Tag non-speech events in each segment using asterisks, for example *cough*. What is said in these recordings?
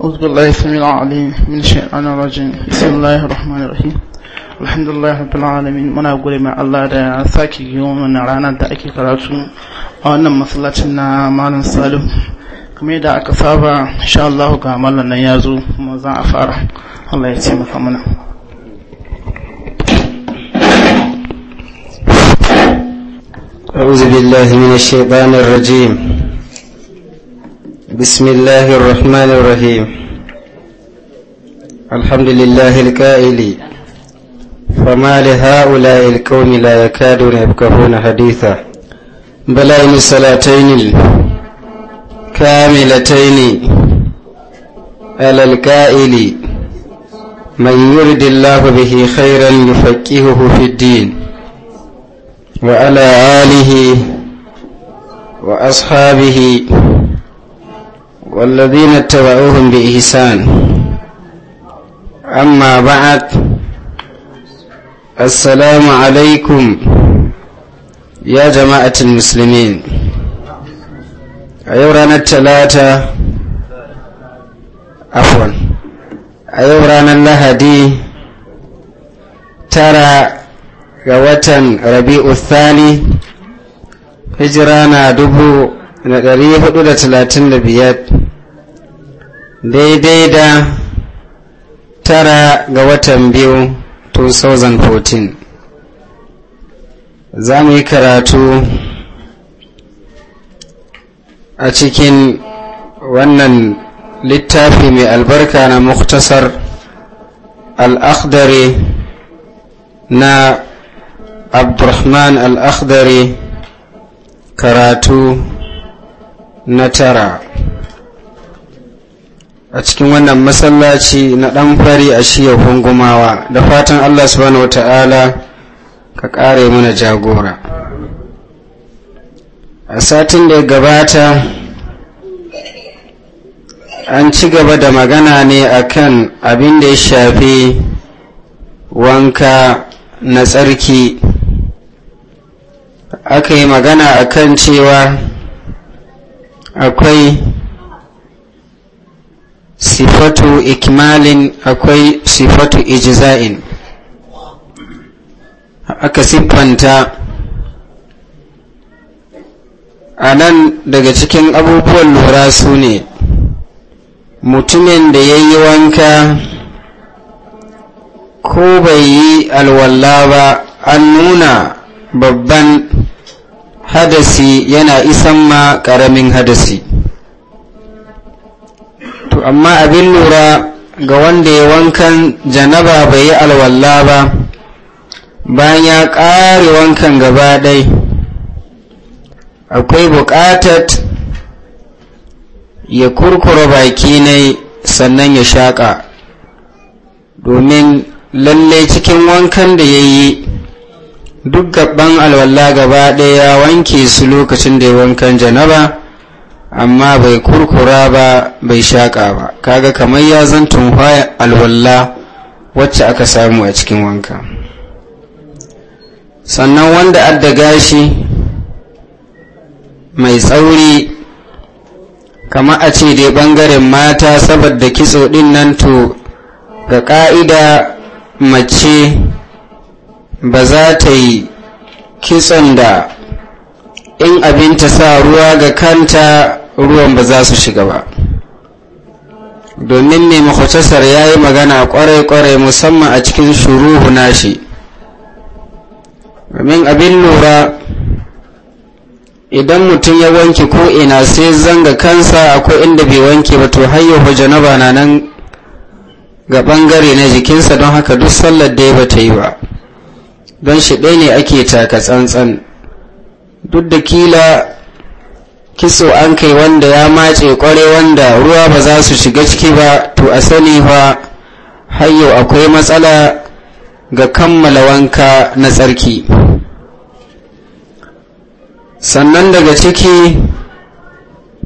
أعوذ بالله السميع العليم من الشيطان الرجيم بسم الله الرحمن الرحيم muna gode Allah da ya sake yi mana da ake karatu a masallacin na malam salim kamar yadda aka saba insha Allah ga mallan nan ya zo kuma a fara Allah ya ce mana أعوذ بالله من الشيطان الرجيم بسم الله الرحمن الرحيم الحمد لله الكائل فما لهؤلاء الكون لا يكادون يبكون حديثا بلائن الصلاتين كاملتين على الكائل من يرد الله به خيرا يفكهه في الدين وعلى آله وأصحابه والذين اتبعوهم بإحسان أما بعد السلام عليكم يا جماعة المسلمين أيورانا التلاتة عفوا أيورانا اللهدي ترى غوة ربيع الثاني هجرانا دبو na biyar daidai da tara ga watan biyu 2014 za mu yi karatu a cikin wannan littafi mai albarka na muktasar al'akhdari na abdurrahman al'akhdari karatu na tara a cikin wannan masallaci na ɗan fari a shiyar hungumawa da fatan Allah subhanahu wata'ala ka ƙare mana jagora a satin da ya gabata an ci gaba da magana ne akan abin da ya shafi wanka na tsarki aka yi magana akan cewa akwai sifatu ikmalin akwai sifatu ijza'in aka siffanta a nan daga cikin abubuwan lura su ne mutumin da ya yi wanka ko bai yi alwalla ba an nuna babban hadasi yana isan ma ƙaramin hadasi to amma abin lura ga wanda ya wankan janaba bai yi alwalla ba bayan ya ƙare wankan gaba ɗai akwai buƙatar ya kurkura baki ne sannan ya shaƙa domin lalle cikin wankan da ya yi duk gaban alwalla gaba ɗaya ya wanke su lokacin da ya wankan janaba amma bai kurkura ba bai shaƙa ba kaga kamar ya zan tunhaya alwalla wacce aka samu a cikin wanka sannan wanda adda gashi mai tsauri kama a ce dai ɓangaren mata saboda kitso ɗin nan to ga ƙa'ida mace ba za ta yi kitson da in abin ta sa ruwa ga kanta ruwan ba za su shiga ba domin ne makwacasar ya yi magana kwarai-kwarai musamman a cikin shuruhu nashi domin abin lura idan mutum ya wanke ko ina sai zanga kansa akwai inda bai wanke ba to hayyahu janaba na nan ga bangare na jikinsa don haka duk sallar da ya ta yi ba don shi ɗaya ne ake taka tsantsan duk da kila kiso an kai wanda ya mace kware wanda ruwa ba za su shiga ciki ba to a sani fa hayo akwai matsala ga kammala wanka na tsarki sannan daga ciki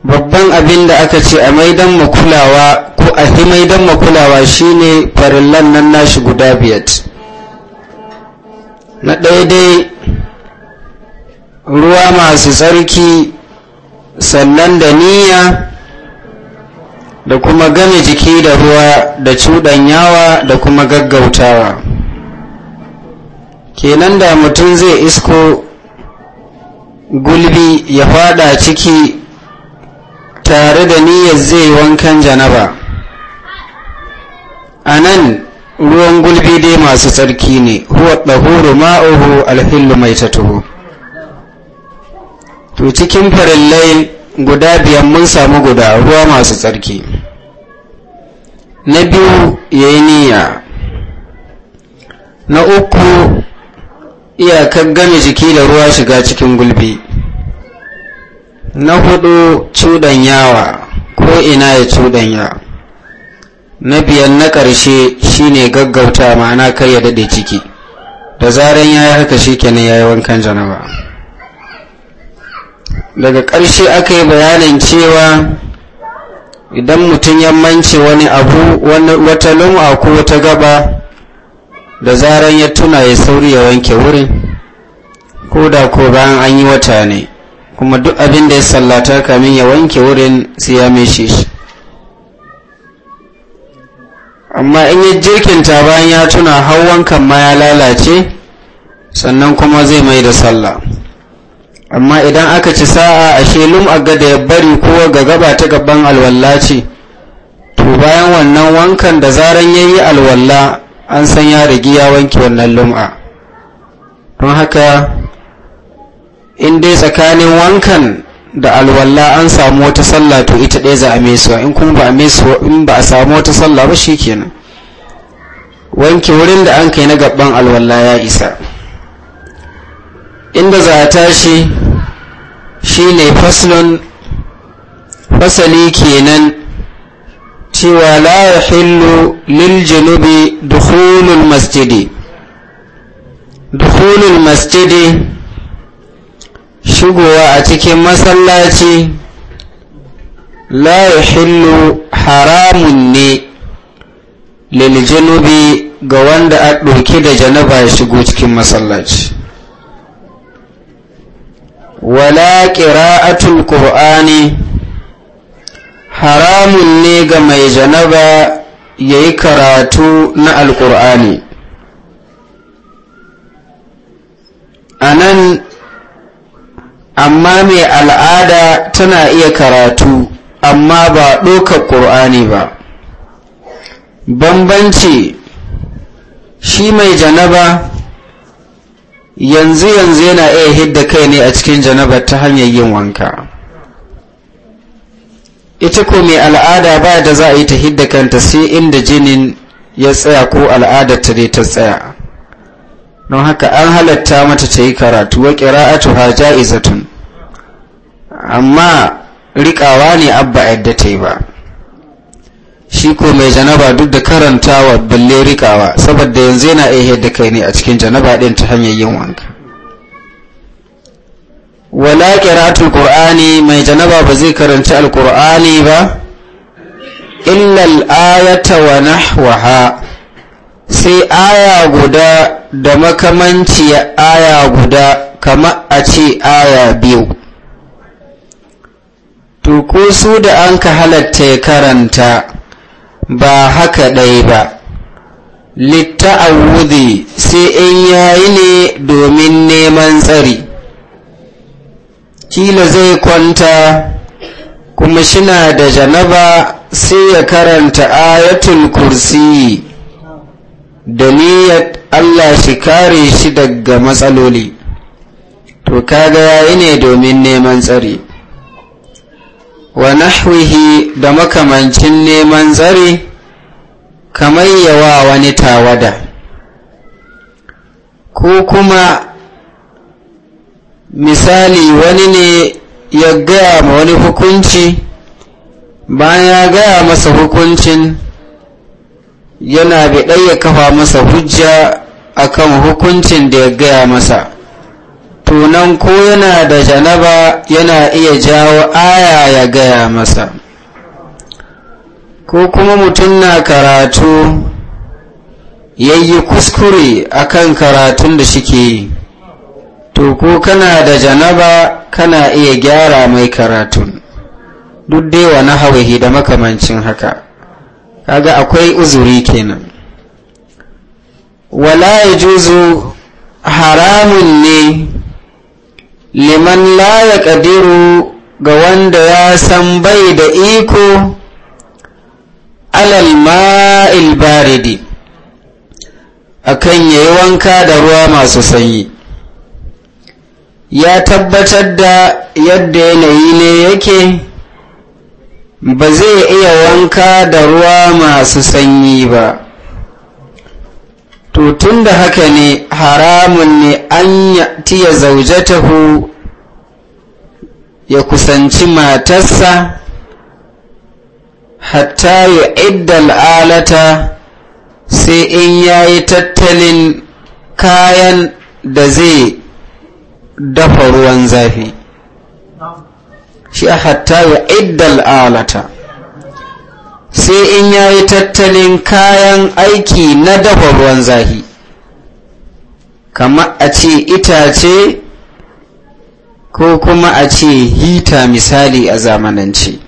babban abin da aka ce a maidan makulawa ko a fi maidan makulawa shine farillan nan nashi guda biyar na ɗaya ruwa masu tsarki sannan da niyya da kuma gane jiki da ruwa da cuɗanyawa da kuma gaggautawa kenan da mutum zai isko gulbi ya faɗa ciki tare da niyyar zai wankan janaba a nan ruwan gulbi dai masu tsarki ne huwa ɗahuru ma'uhu alhillu mai tatuhu to cikin farillai guda biyan mun samu guda ruwa masu tsarki na biyu ya yi niyya na uku iyakar game jiki da ruwa shiga cikin gulbi na hudu cuɗanyawa ko ina ya cuɗanya na biyan na ƙarshe shine gaggauta ma'ana kar ya daɗe ciki da zaran ya yi haka shi kenan ya yi wankan janawa. daga ƙarshe aka yi bayanin cewa idan mutum ya mance wani abu wata lumwa ko wata gaba da zaren ya tuna ya sauri ya wanke wurin ko da ko bayan an yi wata ne kuma duk abin da ya sallata kamin ya wanke wurin sai ya meshe shi amma in ya ta bayan ya tuna hawan kan ma ya lalace sannan kuma zai mai da sallah amma idan aka ci sa'a ashe a da ya bari kowa ga gaba ta gaban alwalla ce to bayan wannan wankan da zaran ya yi alwalla an san ya rigi ya wanke wannan lum'a don haka in dai tsakanin wankan da alwalla an samu wata sallah to ita ɗaya za a mesuwa in kuma ba a in ba a samu wata sallah ba shi kenan wanke wurin da an kai na gaban alwalla ya isa inda za a tashi shi ne faslun fasali kenan cewa la ya hillu lil janubi dukhulul masjidi dukhulul masjidi shigowa a cikin masallaci la ya hillu haramun ne lil janubi ga wanda a ɗauki da janaba ya shigo cikin masallaci wala ƙira'atul ƙur'ani haramun ne ga mai janaba ya yi karatu na alƙur'ani a nan amma mai al'ada tana iya karatu amma ba ɗaukar ƙur'ani ba bambanci shi mai janaba yanzu yanzu yana iya hidda kai ne a cikin janaba ta hanyar yin wanka ita ko mai al'ada ba da za a yi ta hidda kanta sai inda jinin ya tsaya ko al'adar ta dai ta tsaya don haka an halatta mata ta yi karatu wa ƙira'atu ha ja'izatun amma riƙawa ne abba yadda ta yi ba shi ko mai janaba duk da karantawa balle rikawa saboda yanzu yana iya da kai ne a cikin janaba ɗin ta hanyar yin wanka wala qira'atul qur'ani mai janaba ba zai karanta alqur'ani ba illa al-ayata wa nahwaha sai aya guda da makamanci aya guda kama a ce aya biyu to ko su da an ka halatta ya karanta ba haka ɗai ba litta'awudi sai in yayi ne domin neman tsari kila zai kwanta kuma shina da janaba sai ya karanta ayatul kursi da niyyar Allah shi kare shi daga matsaloli to kaga yayi ne domin neman tsari wa nahwihi da makamancin neman zare kamar yawa wani tawada ko kuma misali wani ne ya gaya ma wani hukunci bayan ya gaya masa hukuncin yana bi ɗaya kafa masa hujja akan hukuncin da ya gaya masa nan ko yana da janaba yana iya jawo aya ya gaya masa ko kuma mutum na karatu yayi kuskure akan karatun da shike yi to ko kana da janaba kana iya gyara mai karatun duk dai wa nahawihi da makamancin haka kaga akwai uzuri kenan wala juzu haramun ne liman la ya ƙadiru ga wanda ya san bai da iko alal ma'il baridi akan yayi wanka da ruwa masu sanyi ya tabbatar da yadda yanayi ne yake ba zai iya wanka da ruwa masu sanyi ba to tun da haka ne haramun ne an tiya zaujatahu ya kusanci matarsa hatta ya iddal alata sai in ya yi tattalin kayan da zai dafa ruwan zafi shi a hatta ya iddal alata sai in ya yi tattalin kayan aiki na dafa ruwan zahi Kama a ce itace ko kuma a ce hita misali a zamanance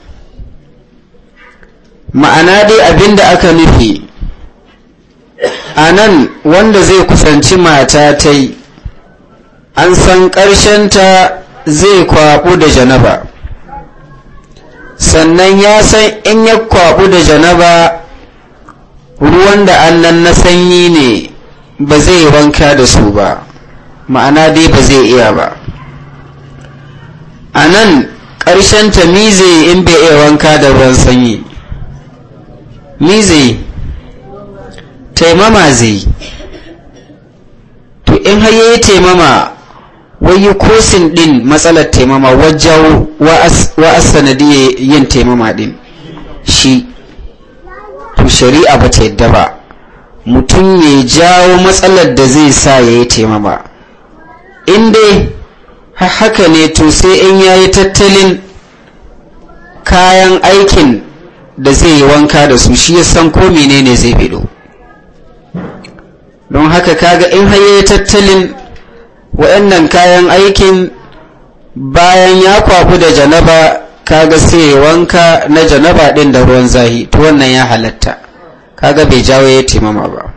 ma'ana dai da aka nufi a nan wanda zai kusanci mata ta yi an san ta zai kwaɓu da janaba sannan ya san in ya kwabu da janaba ruwan da nan na sanyi ne ba zai wanka da su ba ma'ana dai ba zai iya ba a nan ƙarshen ta mize in bai iya wanka da ruwan sanyi mize taimama zai to in har yi taimama wai yi kosin din matsalar taimama wajen wa'asanadiyar yin taimama din shi to shari'a ba ta yadda ba mutum ya jawo matsalar da zai sa ya yi taimama in dai haka ne to sai in ya yi tattalin kayan aikin da zai yi wanka da su shi ya san ko menene zai bido don haka kaga in har ya tattalin waɗannan kayan aikin bayan ya kwafu da janaba kaga sai wanka na janaba ɗin da ruwan zahi to wannan ya halatta kaga bai jawo ya taimama ba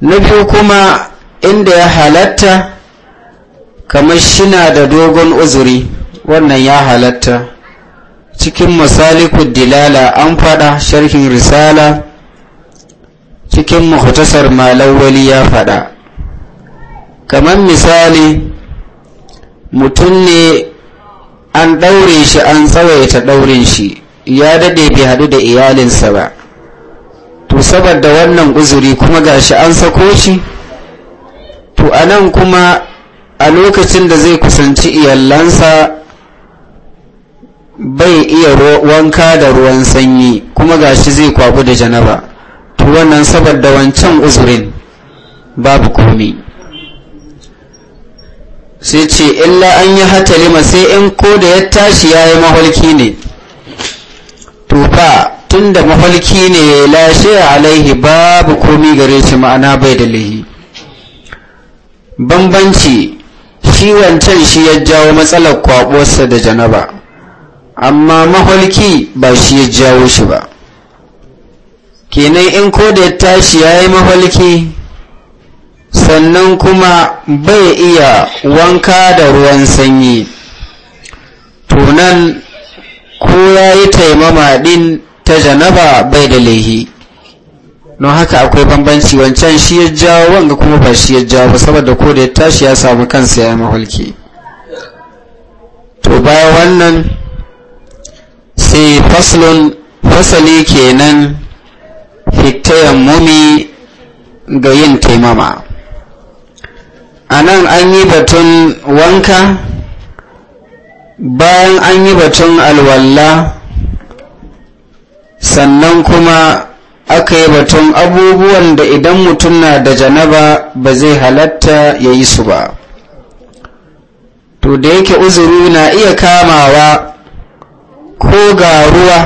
na biyu kuma inda ya halatta kamar shina da dogon uzuri wannan ya halatta cikin masalikud dilala an faɗa sharhin risala cikin mahutasar malawali ya faɗa. kamar misali mutum ne an ɗaure shi an tsawaita ɗaurin shi ya daɗe bai haɗu da iyalinsa ba to saboda wannan uzuri kuma ga shi an sako shi to a nan kuma a lokacin da zai kusanci iyalansa bai iya wanka da ruwan sanyi kuma ga shi zai kwabu da janaba to wannan saboda wancan uzurin babu komi sai ce illa an yi hatalima sai in ko da ya tashi ya yi maholki ne tufa tun da ne lashe alaihi babu komi gare shi ma'ana bai da lahi bambanci shi wancan shi ya jawo matsalar kwaɓosa da janaba amma maholki ba shi ya jawo shi ba kenan in ko da ya tashi ya yi maholki sannan kuma bai iya wanka da ruwan sanyi tunan ko ya yi taimama ɗin ta janaba bai da laihi don haka akwai bambanci wancan shi ya jawo wanga kuma ba shi ya jawo ba saboda ko da ya tashi ya samu kansa ya yi mahulki to baya wannan sai faslun fasali kenan fitayen mumi ga yin taimama a nan an yi batun wanka bayan an yi batun alwalla sannan kuma aka yi batun abubuwan da idan mutum na da janaba ba zai halatta ya yi su ba to da yake uzuri na iya kamawa ko ga ruwa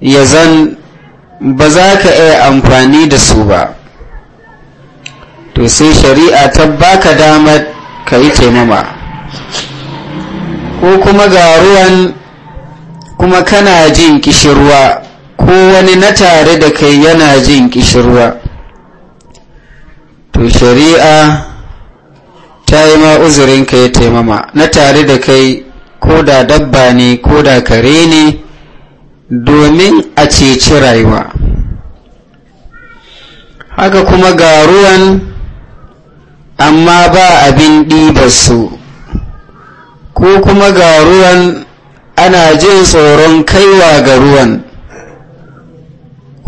ya zan ba za ka iya amfani da su ba to sai shari'a ta baka damar ka yi taimama ko kuma ga ruwan kuma kana jin kishirwa ko wani na tare da kai yana jin kishirwa to shari'a ta yi ma ka yi taimama na tare da kai ko da dabba ne ko da kare ne domin a ceci rayuwa haka kuma ga ruwan amma ba abin su. ko kuma ga ruwan ana jin tsoron kaiwa ga ruwan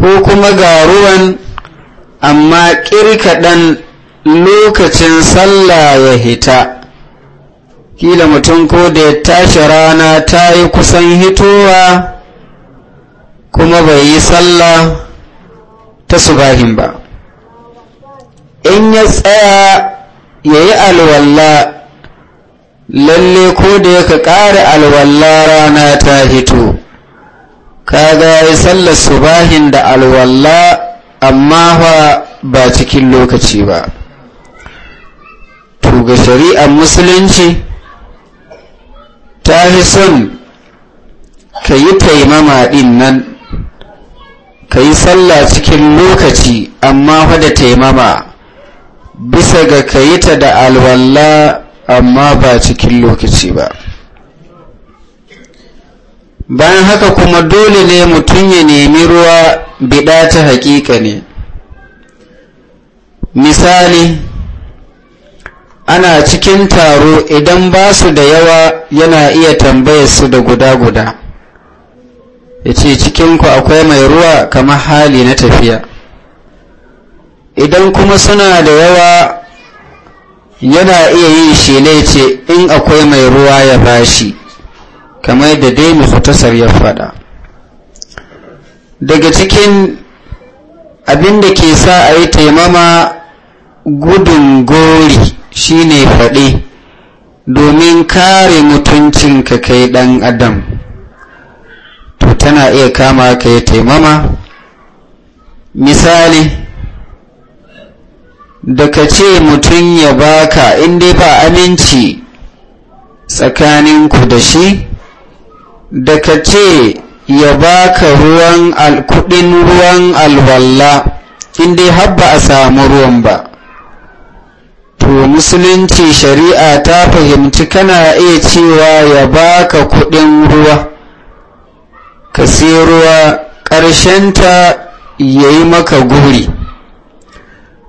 ko kuma ga ruwan amma ƙirkaɗan lokacin sallah ya hita kila mutum ko da ya tashi rana ta yi kusan hitowa kuma bai yi sallah ta subahin ba in ya tsaya yayi alwalla lalle ko da yaka ƙara alwalla rana ta hito kaga ya sallar subahin da alwalla amma fa ba cikin lokaci ba to shari'ar musulunci ta fi son ka yi taimama ɗin nan ka yi sallah cikin lokaci amma fa da taimama bisa ga ka yi ta da alwalla amma ba cikin lokaci ba bayan haka kuma dole ne mutum ya nemi ruwa biɗa ta hakika ne misali ana cikin taro idan ba su da yawa yana iya tambayar su da guda-guda ya ce cikinku akwai mai ruwa kamar hali na tafiya idan kuma suna da yawa yana iya yin shele ce in akwai mai ruwa ya bashi kamar da dai tasar ya faɗa daga cikin abin da ke sa a yi taimama gudun gori shine faɗi domin kare mutuncin ka kai ɗan adam to tana iya kama ka yi taimama misali da ka ce mutum ya baka inda ba aminci tsakaninku da shi da ka ce ya baka ruwan kudin ruwan alwalla inda har ba a samu ruwan ba to musulunci shari'a ta fahimci kana iya cewa ya baka kudin ruwa ka siya ruwa ƙarshenta ya yi maka guri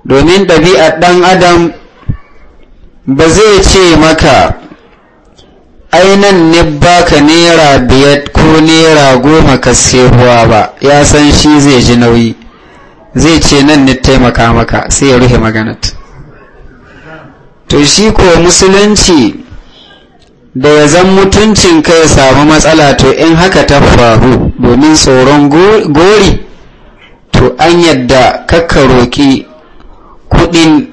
domin ɗabi'ar ɗan adam ba zai ce maka ainan ne baka nera biyar ko nera goma ka sehuwa ba ya san shi zai ji nauyi zai ce nan ne taimaka maka sai ya rufe maganat to shi ko musulunci da ya zan mutuncin ka ya samu matsala to in haka ta faru domin tsoron gori to an yadda kakka roƙi kudin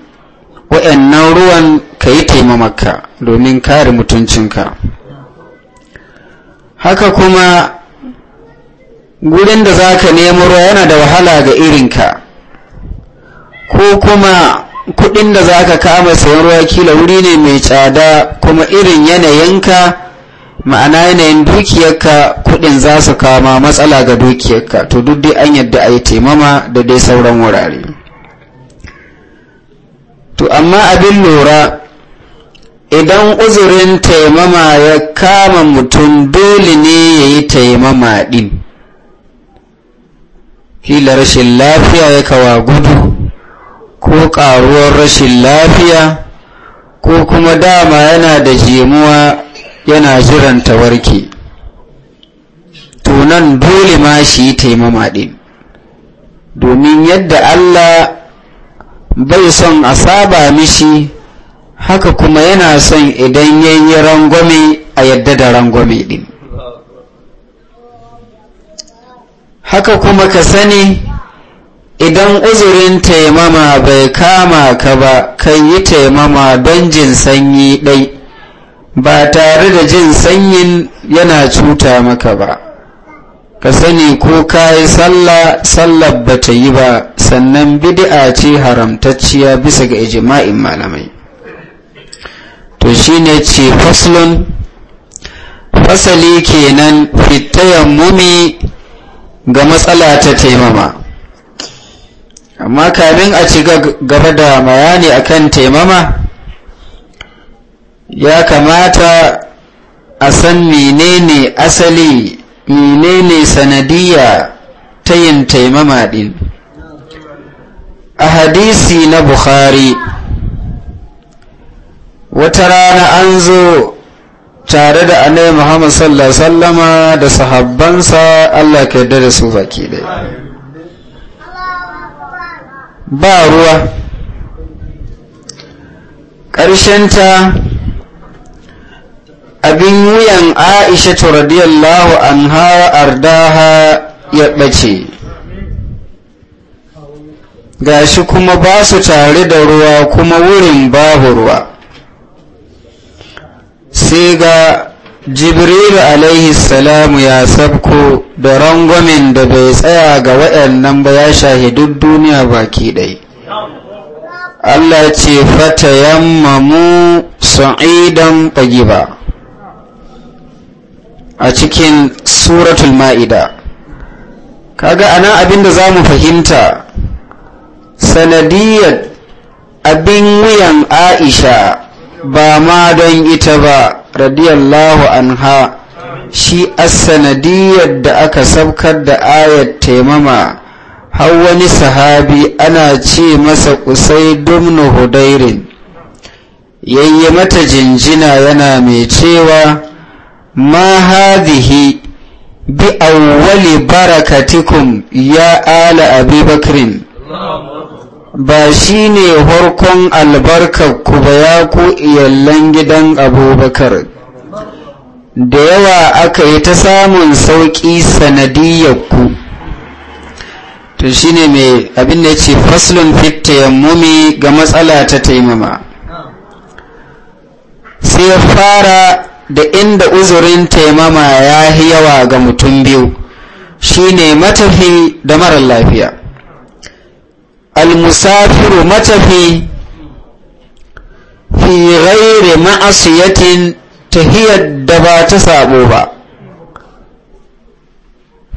wa'annan ruwan ka yi taimamaka domin kare mutuncinka haka kuma gudun da za ka nemi ruwa yana da wahala ga irinka ko kuma kudin da za ka kama sayan ruwa kila wuri ne mai tsada kuma irin yanayinka ma'ana yanayin dukiyarka kudin za su kama matsala ga dukiyarka to duk dai an yadda a yi taimama da dai sauran wurare to amma abin lura idan uzurin taimama ya kama mutum dole ne ya yi taimama ɗin kila rashin lafiya ya kawa gudu ko ƙaruwar rashin lafiya ko kuma dama yana da jimuwa yana jiran tawarki to nan dole ma shi taimama ɗin domin yadda Allah bai son a saba mishi haka kuma yana son idan yayi rangwame a yadda da rangwame din haka kuma ka sani idan uzurin taimama bai kama ka ba kan yi taimama don jin sanyi ɗai ba tare da jin sanyin yana cuta maka ba ka sani ko ka yi sallah sallah ba ta yi ba sannan bid'a ce haramtacciya bisa ga ijma'in malamai to shine ce faslun fasali kenan fitayen mumi ga matsala ta taimama amma kamin a ci gaba da bayani akan taimama ya kamata a san menene asali menene sanadiya ta yin taimama ɗin. a hadisi na bukhari wata rana an zo tare da annabi muhammad sallallahu sallama da sahabbansa allah ka yarda da su baki ɗaya ba ruwa ƙarshenta abin wuyan aisha radiyallahu anha ardaha ya ɓace gashi kuma ba su tare da ruwa kuma wurin babu ruwa sai ga jibril alaihi salamu ya sabko da rangwamen da bai tsaya ga waɗannan ba ya shahidin duniya baki ɗai Allah ce fata mu sa'idan ɓagi ba a cikin suratul ma'ida kaga ana da za mu fahimta sanadiyar abin wuyan aisha ba ma don ita ba radiyallahu anha shi sanadiyar da aka sabkar da ayat taimama har wani sahabi ana ce masa kusai dumnu hudairin yayye mata jinjina yana mai cewa ma hadhihi bi awwali barakatikum ya ala abi bakrin ba shi ne farkon albarkarku ba ya ku iyallan gidan abubakar da yawa aka yi ta samun sauƙi sanadiyyarku to shi ne mai abin da ya ce faslun fit yammumi ga matsala ta taimama sai fara da inda uzurin taimama ya yi yawa ga mutum biyu shine matafi da mara lafiya almusafiru matafi fi ghairi ma'asiyatin hiyar da ba ta sabo ba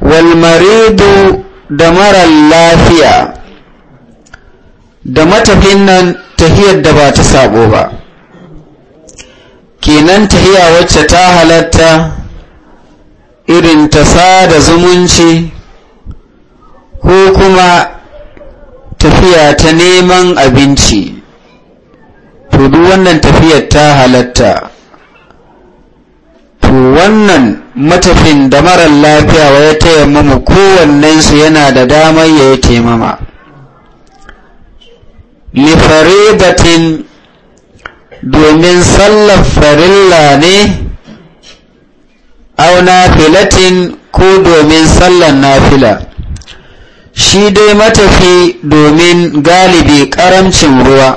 walmaridu da mara lafiya da matafin nan tahiyar da ba ta sabo ba kenan tahiya wacce ta halatta irin ta sada zumunci ko kuma tafiya ta neman abinci to duk wannan tafiyar ta halatta to wannan matafin da marar lafiya wa ya tayammama kowannensu yana da damar ya yi taimama lifaridatin domin sallar farilla ne auna filatin ko domin sallar nafila shi dai matafi domin galibi karamcin ruwa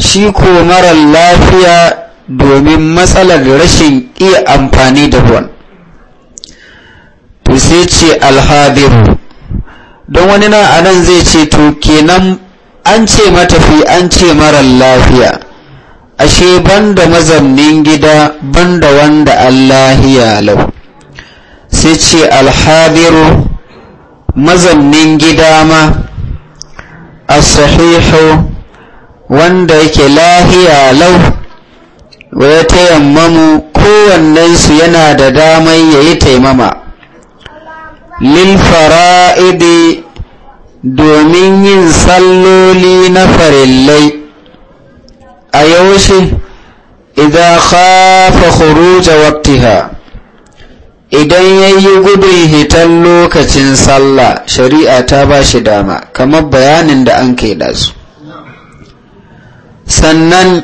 shi ko marar lafiya domin matsalar rashin iya amfani da ruwan to sai ce alhadiru don wani na anan zai ce to kenan an ce matafi an ce marar lafiya ashe banda mazannin gida banda wanda Allah ya lau sai ce alhadiru mazannin gida ma a sahihu wanda yake lahiya lau wa ya tayammamu kowannensu yana da damar ya yi taimama lil fara'idi domin yin salloli na farillai a yaushe idan khafa khuruja waqtiha idan yayi gudun hitan lokacin sallah shari'a ta ba shi dama kamar bayanin da an ke da sannan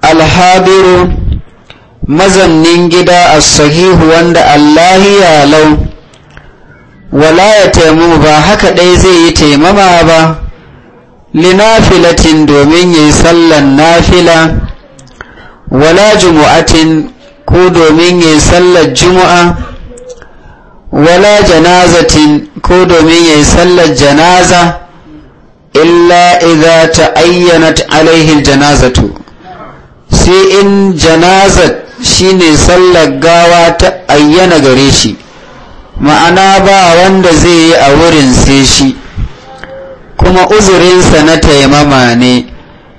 alhadiru mazannin gida a sahihu wanda allahi ya lau wala ya taimu ba haka ɗai zai yi taimama ba linafilatin domin ya yi sallan nafila wala jumu'atin ko domin ya yi sallar jumu'a wala janazatin ko domin ya yi sallar janaza illa idza ta'ayyanat alaihi janazatu sai in janazat shine sallar gawa ta ayyana gare shi ma'ana ba wanda zai yi a wurin sai shi kuma uzurinsa na taimama ne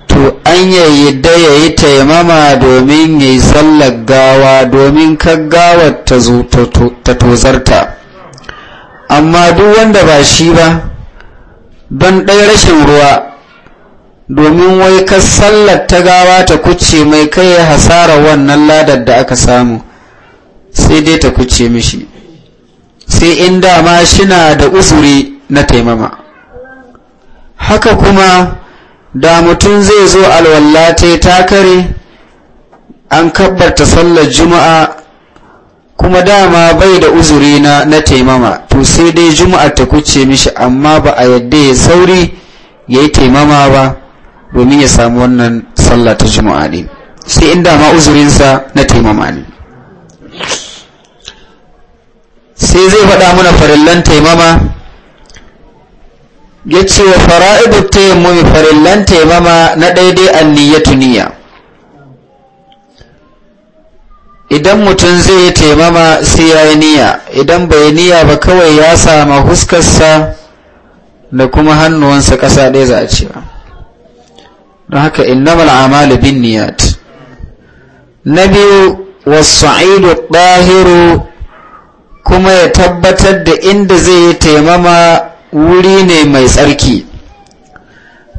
to an yayi da ya yi taimama domin ya yi sallar gawa domin kaggawar ta tozarta amma duk wanda ba shi ba don ɗaya rashin ruwa domin wai ka sallar ta gawa ta kuce mai kai hasara wannan ladar da aka samu sai dai ta kuce mishi sai in dama shina da uzuri na taimama haka kuma da mutum zai zo alwallata ta kare an kabbarta sallar juma'a kuma dama bai da uzuri na na taimama to sai dai juma'a ta kuce mishi amma ba a yadda ya sauri ya yi taimama ba domin ya samu wannan sallah ta juma'a ne sai in dama uzurinsa na taimama ne sai zai faɗa mana farillan taimama ya ce wa fara'idu taimumi farillan taimama na daidai anniyatu niyya idan mutum zai yi taimama sai ya yi niyya idan bai niyya ba kawai ya sama huskarsa da kuma hannuwansa ƙasa ɗaya za a ba don haka innamal amalu bin niyyat na biyu aido ɗahiru kuma ya tabbatar da inda zai yi taimama wuri ne mai tsarki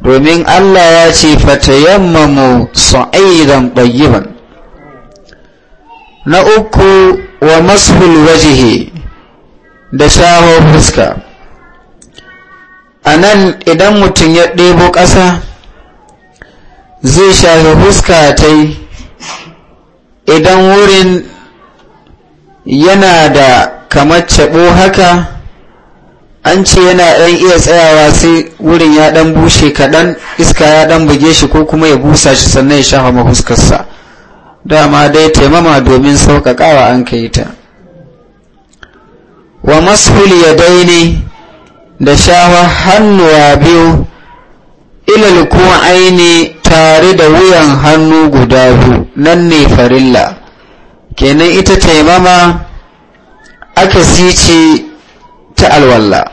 domin Allah ya ce fatayammamu sa'idan ɗayyiban na uku wa mashul wajihi da shawo fuska a nan idan mutum ya ɗebo ƙasa zai shafi fuska ta idan wurin yana da kamar cebo haka an ce yana ɗan iya tsayawa sai wurin ya ɗan bushe kaɗan iska ya ɗan buge shi ko kuma ya busa shi sannan ya shafa mahuskarsa dama dai taimama domin sauƙaƙawa an kai ta wa mashul ya daini da shafa hannuwa biyu ilal kuma aini tare da wuyan hannu guda biyu nan ne farilla kenan ita taimama aka ce ita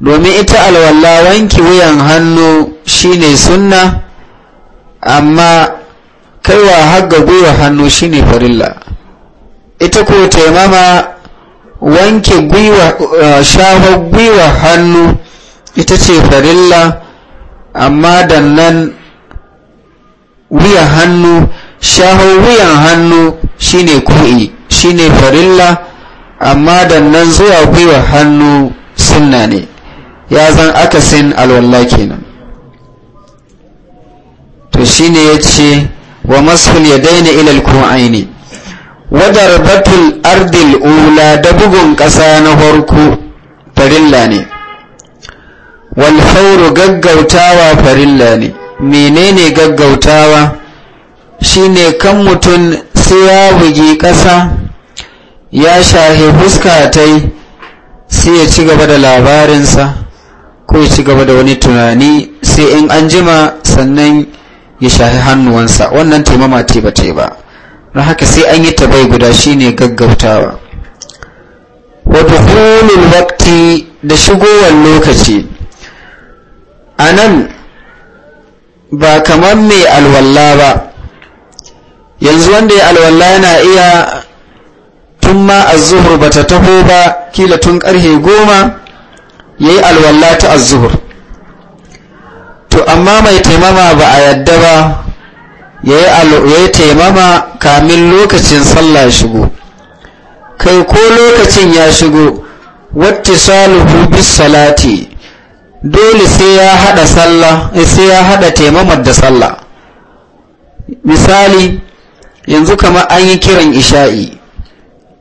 domin ita alwala wanki wuyan hannu shine sunna amma kaiwa hagga gwiwa hannu shine farilla ita ko taimama wanke gwiwa uh, gwiwa hannu ita ce farilla amma dannan wuyan hannu shahon wuyan hannu shine ku'i shine farilla amma da nan zuwa gwiwa hannu sunna ne ya zan akasin alwallah kenan to shine ya ce wa masu ya daina ilal aini. wadar batul ardil ula da bugun ƙasa na farko farilla ne walfauru gaggautawa farilla ne menene gaggautawa shine kan mutum sai ya bugi ƙasa ya shahe fuska ta yi sai ya ci gaba da labarinsa ko ya ci gaba da wani tunani sai in an jima sannan ya shahe hannuwansa wannan taimama ce ba ba haka sai an yi tabai guda shi ne gaggautawa wa dukhulul wakti da shigowar lokaci A nan. ba kamar mai alwalla ba yanzu wanda ya alwalla na iya tun ma azuhur ba ta taho ba kila tun karhe goma ya yi alwallah ta azzuhur to amma mai taimama ba a yadda ba ya yi taimama kamin lokacin sallah shigo kai ko lokacin ya shigo wata saluhu bis salati dole sai ya hada sallah eh, sai ya hada taimamar da sallah misali yanzu kamar an yi kiran isha'i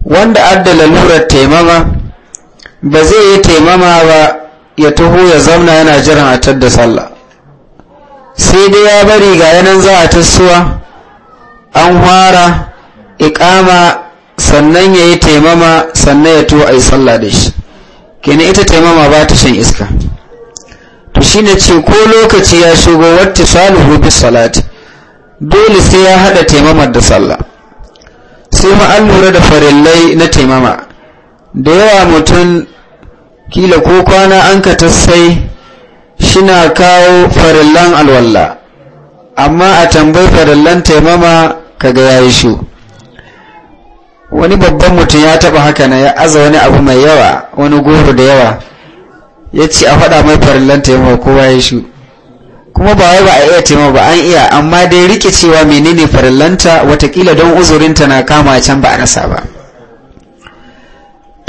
wanda adda lalurar taimama ba zai yi taimama ba ya taho ya zauna yana jiran a da sallah sai dai ya bari ga yanan za a tasuwa an fara ikama sannan ya yi taimama sannan ya to a yi sallah da shi kenan ita taimama ba ta shan iska to shi ne ce ko lokaci ya shigo wata salihu bi salati dole sai ya haɗa taimamar da sallah sai ma lura da farillai na taimama da yawa mutum kila ko kwana an ka tassai shina kawo farillan alwalla amma a tambayi farillan taimama kaga ya yi shu wani babban mutum ya taba haka na ya aza wani abu mai yawa wani goro da yawa ya ce a faɗa mai farillan taimama kowa ya yi shu kuma ba wai ba a iya taimako ba an iya amma dai rike cewa menene farillanta watakila don uzurinta na kama can ba a rasa ba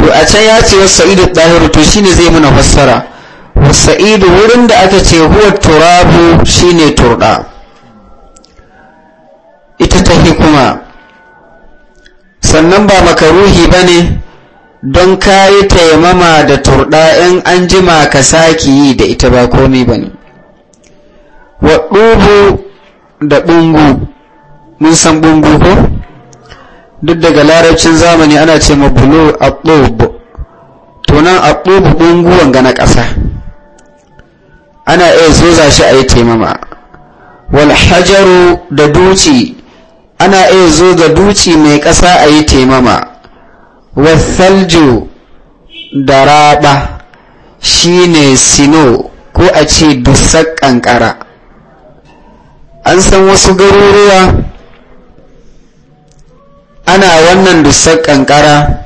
to a can ya ce wasu sa'idu ɗahiru to shine zai muna fassara wasu sa'idu wurin da aka ce huwa turabu shine turɗa ita ta hikuma sannan ba makaruhi ba ne don kayi taimama da turɗa in an jima ka saki yi da ita ba komi ba ne wa ɗubu da ɓungu mun san ɓungu ko duk daga larabcin zamani ana ce ma bulo a ɓobo to nan a ɓobo ɓungu wanga na ƙasa ana iya zoza shi a yi taimama wal hajaru da duci ana iya zo da duci mai ƙasa a yi taimama wasalju da raɓa shi ne sino ko a ce dusar ƙanƙara an san wasu garuruwa ana wannan dusar kankara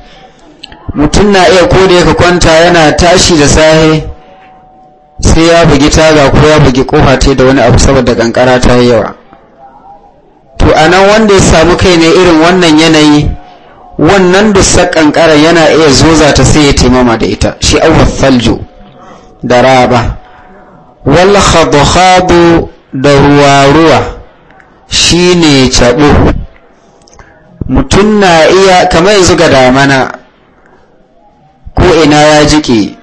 mutum na iya koda yaka kwanta yana tashi da sahe sai ya bugi taga ko ya bugi kofa ce da wani abu saboda kankara ta yi yawa to a nan wanda ya samu kai ne irin wannan yanayi wannan dusar kankara yana iya zoza ta sai ya taimama da ita shi awwal faljo da raba wal khadkhadu da ruwa-ruwa shi ne caɓo mutum na iya kamar zuga da damana ko ina ya jike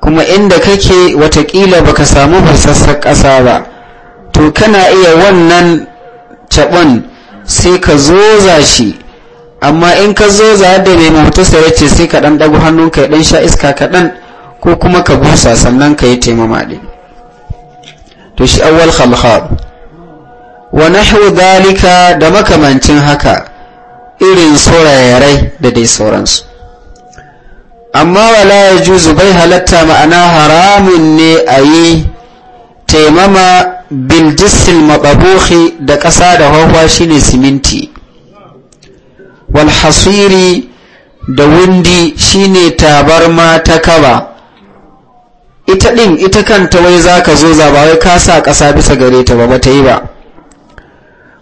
kuma inda kake watakila baka samu fasassan ƙasa ba to kana iya wannan caɓon sai ka zoza shi amma in ka zoza da mai mahutusa ya ce sai ka ɗan hannun ka ya ɗan sha iska kaɗan ko kuma ka busa sannan ka yi taimama ɗin to shi awwal khalkhal wa nahwu dalika da makamancin haka irin sorayarai da dai sauransu amma wala ya bai halatta ma'ana haramun ne a yi taimama biljisil mababuhi da ƙasa da hawa shine siminti walhasiri da windi shine tabarma ta kaba ita ɗin ita kanta wai za ka zo za ba wai ka sa ƙasa bisa gare ta ba mata yi ba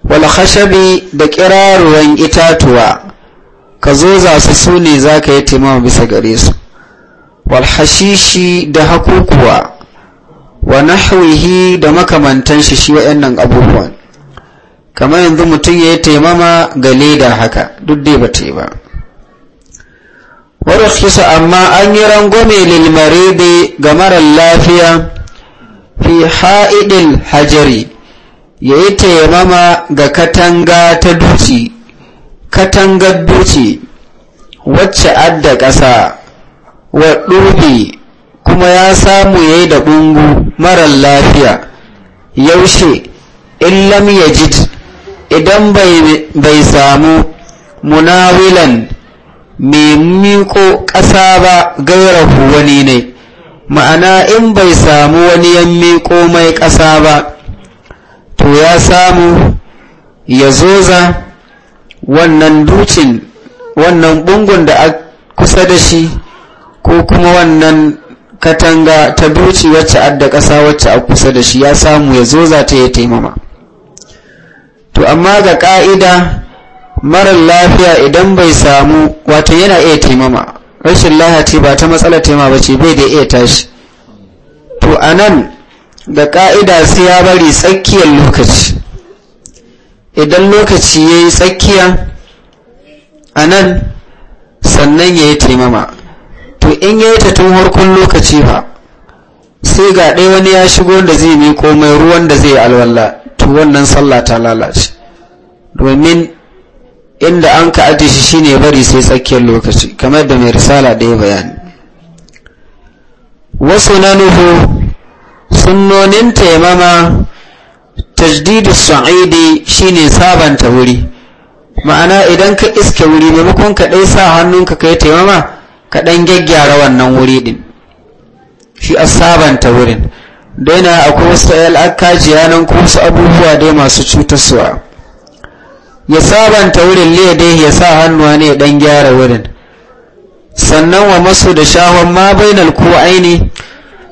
wal khashabi da ƙiraruwan itatuwa ka zo za su su ne za ka yi timama bisa gare su wal hashishi da hakukuwa wa nahwihi da makamantan shi shi waɗannan abubuwan kamar yanzu mutum ya yi taimama ga leda haka duk dai ba ta yi ba kisa amma an yi rangwame lilmaridi ga marar lafiya fi ha'idil hajari ya yi taimama ga katanga ta duci katangar duci wacce adda ƙasa wa ɗubi kuma ya samu ya yi da ɓungu marar lafiya yaushe illam yajid idan bai samu munawilan mai miko ƙasa ba gairahu wani ne ma'ana in bai samu wani yan miko mai ƙasa ba to ya samu ya zoza wannan ducin wannan bungun da a kusa da shi ko kuma wannan katanga ta duci wacce adda ƙasa wacce a kusa da shi ya samu ya zoza ta ya taimama to amma ga ƙa'ida marar lafiya idan bai samu wata yana iya taimama rashin lahati ba ta matsalar taimama ba ce bai da iya tashi to a nan da ƙa'ida su ya bari tsakiyar lokaci idan lokaci ya yi tsakiya a nan sannan ya yi taimama to in ya yi ta tun harkun lokaci ba sai ga ɗaya wani ya shigo da zai mai ruwan da zai alwala to wannan sallah ta lalace domin inda an ka aje shi shine bari sai tsakiyar lokaci kamar da mai risala da ya bayani wasu na nuhu sunnonin taimama tajdidu sa'idi shine sabanta wuri ma'ana idan ka iske wuri maimakon ka ɗai sa hannunka ka yi taimama ka ɗan gyaggyara wannan wuri ɗin shi a sabanta wurin daina akwai wasu al'akajiya nan ko su abubuwa dai masu cutarsuwa ya sabanta wurin ledai ya sa hannuwa ne dan gyara wurin sannan wa masu da shahon ma bainal aini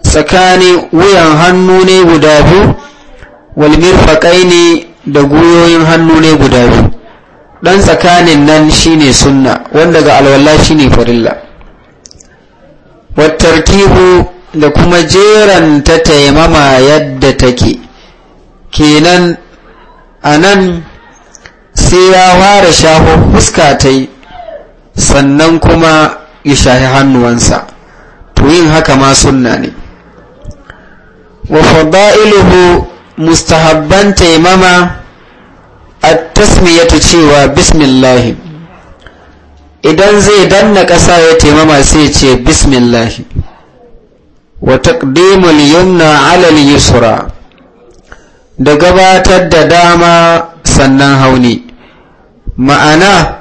tsakanin wuyan hannu ne guda biyu ne da guyoyin hannu ne guda biyu dan tsakanin nan shine sunna wanda ga alwala shine farilla wattartibu da kuma jeran ta taimama yadda take kenan a nan sai ya fara shafa fuska ta yi sannan kuma ya shahi hannuwansa to yin haka ma sunna ne wa fada'iluhu mustahabban taimama at-tasmiyatu cewa bismillah idan zai danna ƙasa ya taimama sai ce bismillah wa taqdimul yumna 'ala al-yusra da gabatar da dama sannan hauni ma'ana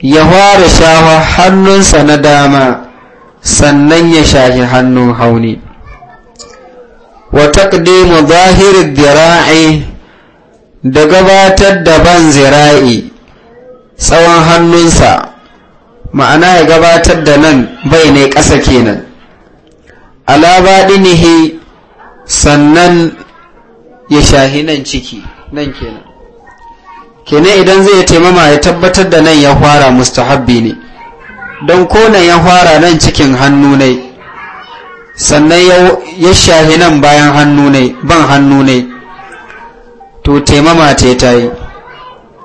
ya fara shawa hannunsa na dama sannan ya shahi hannun hauni wa taqdimu zahirin dira'i da gabatar da ban zira'i tsawon hannunsa ma'ana ya gabatar da nan bai ne ƙasa kenan alabaɗinihi sannan ya shahi nan ciki nan kenan kenan idan zai taimama ya tabbatar da nan ya fara mustahabbi ne don ko nan ya fara nan cikin hannu ne sannan ya shahi nan bayan hannu ne ban hannu ne to taimama ta ta yi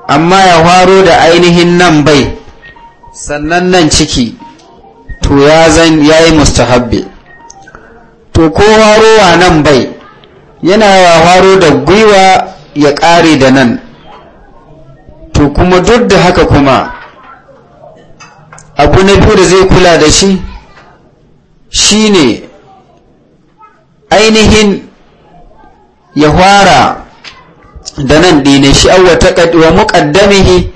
amma ya faro da ainihin nan bai sannan nan ciki to ya zan ya yi mustahabbi to ko farowa nan bai yana ya faro da gwiwa ya ƙare da nan to kuma duk da haka kuma abu na biyu da zai kula da shi shi ne ainihin ya fara da nan dine shi awwa wa muƙaddamihi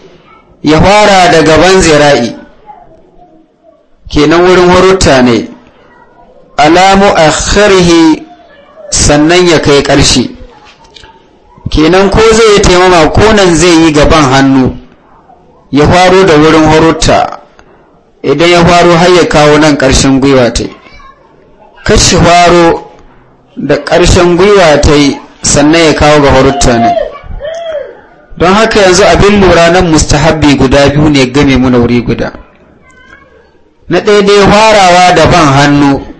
ya fara da gaban zira'i kenan wurin warutta ne alamu akhirihi sannan ya kai ƙarshe kenan ko zai yi taimama ko nan zai yi gaban hannu ya faro da wurin horota idan ya faro har ya kawo nan ƙarshen gwiwa ta yi kashi faro da ƙarshen gwiwa ta yi sannan ya kawo ga horota ne don haka yanzu abin lura nan mustahabbi guda biyu ne game mu wuri guda na daidai farawa da ban hannu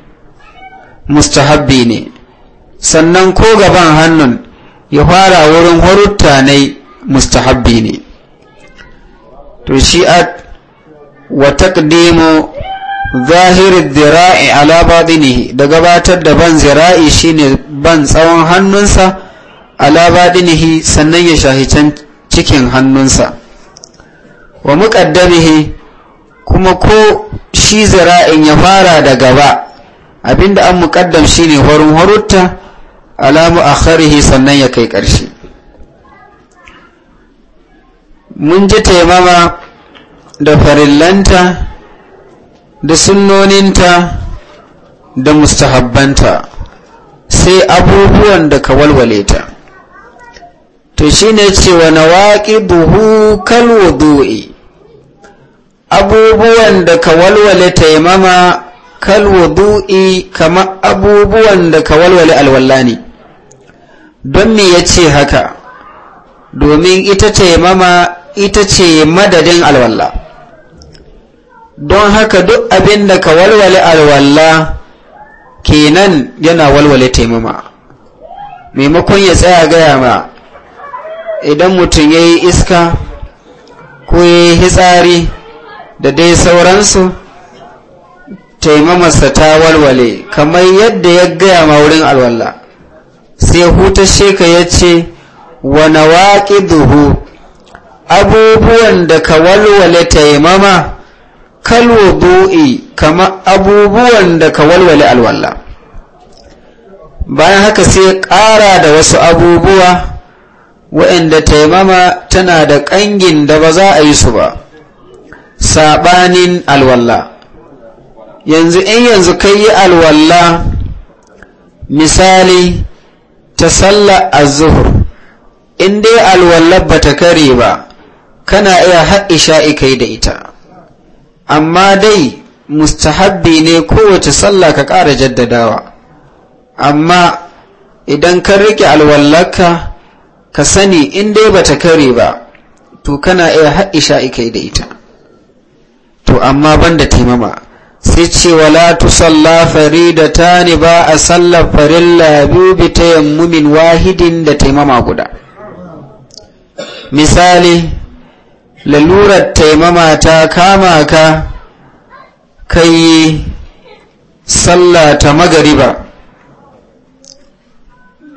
mustahabbi ne sannan ko gaban hannun ya fara wurin harutta ne mustahabbi ne to shi a wa taqdimu zahirin zira'i ala da gabatar da ban zira'i shine ban tsawon hannunsa ala sannan ya shahi can cikin hannunsa wa muqaddamihi kuma ko shi zira'in ya fara da gaba abinda an muqaddam shine wurin horuta alamu a akharihi sannan ya kai ƙarshe mun ji taimama da farillanta da sunnoninta da mustahabbanta sai abubuwan da ka walwale ta to shi ne cewa na waƙi buhu do'i abubuwan da ka walwale taimama do'i kamar abubuwan da ka walwale alwallani. ne don me ya ce haka domin ita ce mama ita ce madadin alwallah don haka duk abin da ka walwale alwallah kenan yana walwale taimama maimakon ya tsaya gaya ma idan mutum ya yi iska ko ya yi hitsari da dai sauransu taimamarsa ta walwale kamar yadda ya gaya ma wurin alwallah sai huta sheka ya ce wa duhu abubuwan da ka walwale taimama kalwa wudu'i kama abubuwan da ka walwale alwala bayan haka sai ƙara da wasu abubuwa waɗanda taimama tana da ƙangin da ba za a yi su ba saɓanin alwala yanzu in yanzu kai yi alwala misali ta sallar azuhur in dai alwallar bata ta kare ba kana iya haɗe sha'i kai da ita amma dai mustahabbi ne kowace sallah ka ƙara jaddadawa amma idan ka rike alwallarka ka sani in dai bata ta kare ba to kana iya haɗe sha'i kai da ita to amma banda taimama sai ce wala ta ne ba a salla farin biyu bi yammumin wahidin da taimama guda misali lalurar taimama ta kama ka kai salla ta magariba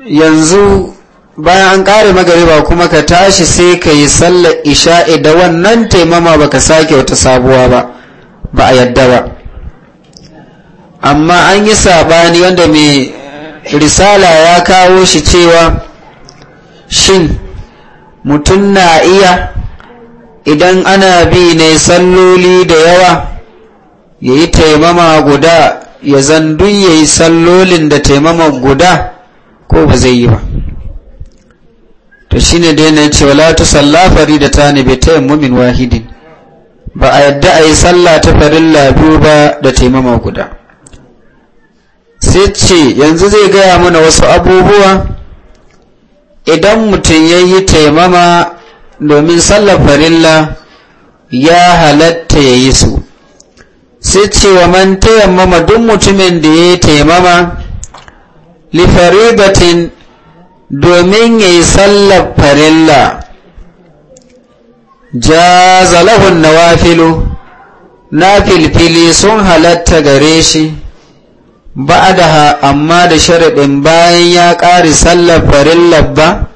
yanzu bayan an kare magariba kuma ka tashi sai ka yi sallar isha'i da wannan taimama baka sake wata sabuwa ba ba a yadda ba amma an yi saɓani wanda mai risala ya kawo shi cewa shin mutum na iya idan ana bi ne salloli da yawa ya yi taimama guda ya zandun ya yi sallolin da taimama guda ko ba zai yi ba to shi ne dai na daina cewa latu sallafari da ta ne betayin mumin wahidin ba a yadda a yi sallah ta farin biyu ba da taimama guda sai ce yanzu zai gaya mana wasu abubuwa idan mutum ya yi taimama domin sallar farilla ya halatta ya yi su sai ce wa man taimama duk mutumin da ya yi taimama lifaridatin domin ya yi sallar farilla nawa wafilo na filfili sun halatta gare shi ha amma da sharaɗin bayan ya ƙari sallar farillar ba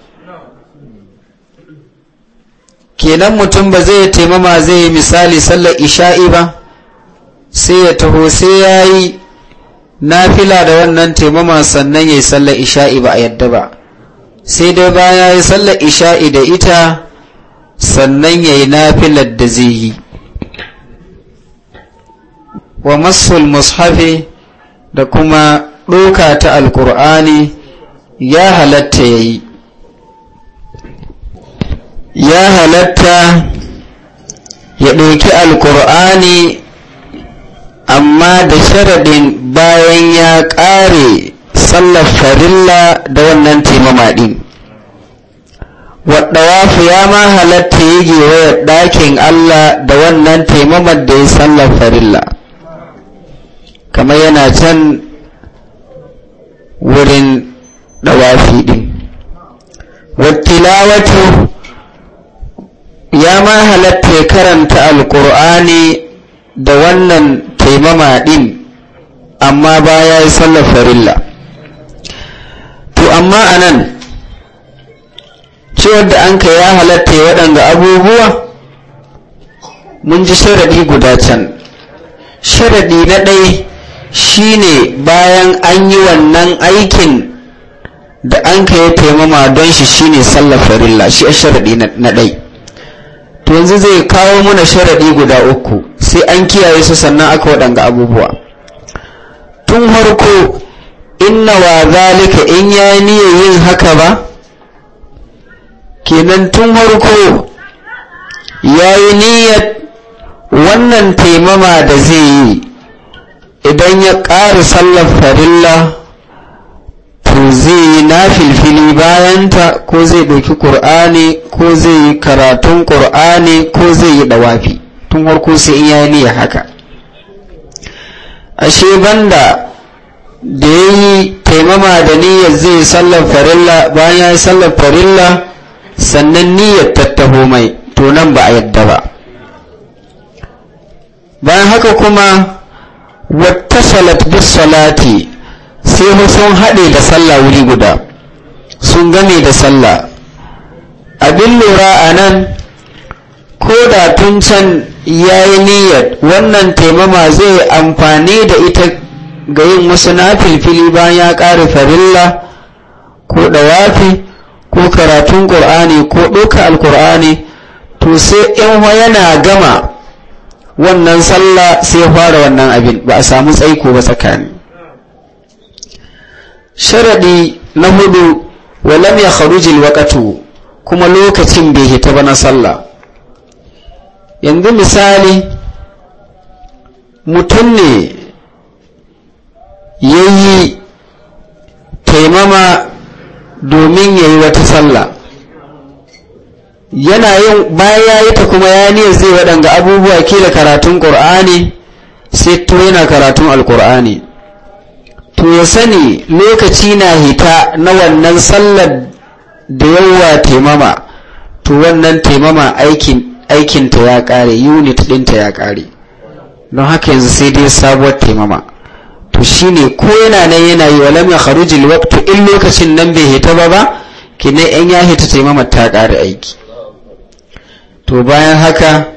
kenan mutum ba zai taimama zai yi misali sallar isha'i ba sai ya taho sai ya yi nafila da wannan taimama sannan ya yi sallar isha'i ba a yadda ba sai dai bayan ya yi sallar isha'i da ita sannan ya yi nafilar da zai yi wa masul mushafi da kuma ɗoka ta Alƙur'ani ya halatta ya yi ya halatta ya ɗoki Alƙur'ani amma da sharaɗin bayan ya ƙare sallar farilla da wannan taimama ɗin waɗawafu ya ma halatta ya wayar ɗakin allah da wannan taimamar da ya sallar farilla kamar yana can wurin ɗawafi ɗin wattilawatu ya ma halatta ya karanta alƙur'ani da wannan taimama ɗin amma ba ya yi sallar farilla to amma a nan cewar da an ka ya halatta ya waɗanda abubuwa mun ji sharaɗi guda can sharaɗi na ɗaya. shine bayan an yi wannan aikin da an ka ya taimama don shi shine sallar farilla shi a sharaɗi na ɗai to yanzu zai kawo mana sharaɗi guda uku sai an kiyaye su sannan aka waɗanga abubuwa tun harko inna wa zalika in ya niyya yin haka ba kenan tun harko ya yi niyyar wannan taimama da zai yi idan ya ƙari sallar farilla to zai yi na filfili bayanta ko zai ɗauki ƙur'ani ko zai yi karatun ƙur'ani ko zai yi ɗawafi tun harko sai in yayi niyya haka ashe banda da ya yi taimama da niyyar zai sallar farilla bayan ya yi sallar farilla sannan niyyar tattaho mai to nan ba a yadda ba bayan haka kuma salat bis salati sai sun haɗe da sallah wuri guda sun game da sallah abin lura a nan ko da tun can ya yi niyyar wannan taimama zai amfani da ita ga yin wasu na filfili bayan ya ƙare farilla ko ɗawafi ko karatun ƙur'ani ko ɗauka alƙur'ani to sai in yana gama wannan sallah sai fara wannan abin ba a samu tsaiko ba tsakani sharadi na hudu walam ya kharujil waqatu kuma lokacin bai hita ba na sallah yanzu misali mutum ne yayi taimama domin yayi wata sallah yana yin bayan ya yi ta kuma ya niyyar zai waɗanga abubuwa ke da karatun ƙur'ani sai to yana karatun alƙur'ani to ya sani lokaci na hita na wannan sallar da yawa taimama to wannan taimama aikinta ya ƙare unit ɗinta ya ƙare don haka yanzu sai dai sabuwar taimama to shine ko yana nan yana yi walam ya kharujil in lokacin nan bai hita ba ba kinai yan ya hita taimama ta ƙare aiki to bayan haka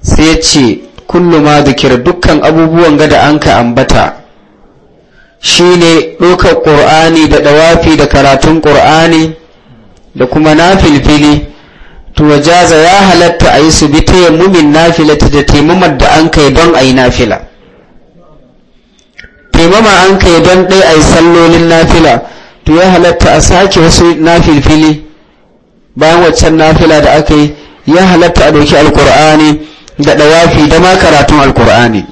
sai ce kullum ma zikir dukkan abubuwan ga da an ka ambata Shi ne ɗaukar ƙur'ani da ɗawafi da karatun ƙur'ani da kuma nafilfili to wajaza ya halatta a yi su bi ta tayammumin ta da taimamar da an kai don a yi nafila taimama an kai don ɗai a yi sallolin nafila to ya halatta a sake wasu nafilfili bayan waccan nafila da aka yi ya halatta a doki alkur'ani da ɗawafi da ma karatun alkur'ani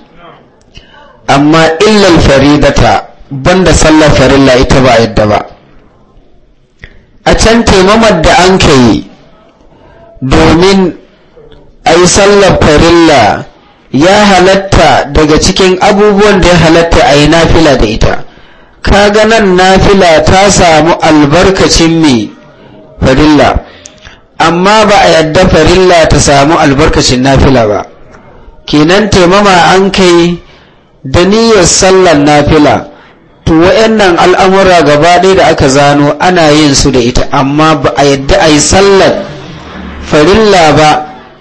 amma illal faridata banda sallar farilla ita ba yadda ba a can taimamar da an ka yi domin a yi sallar farilla ya halatta daga cikin abubuwan da ya halatta a yi nafila da ita kaga nan nafila ta samu albarkacin mai farilla amma ba a yadda farilla ta samu albarkacin nafila ba kenan taimama an kai da niyyar sallar nafila to wayannan al'amura gaba ɗaya da aka zano ana yin su da ita amma ba a yadda a yi sallar farilla ba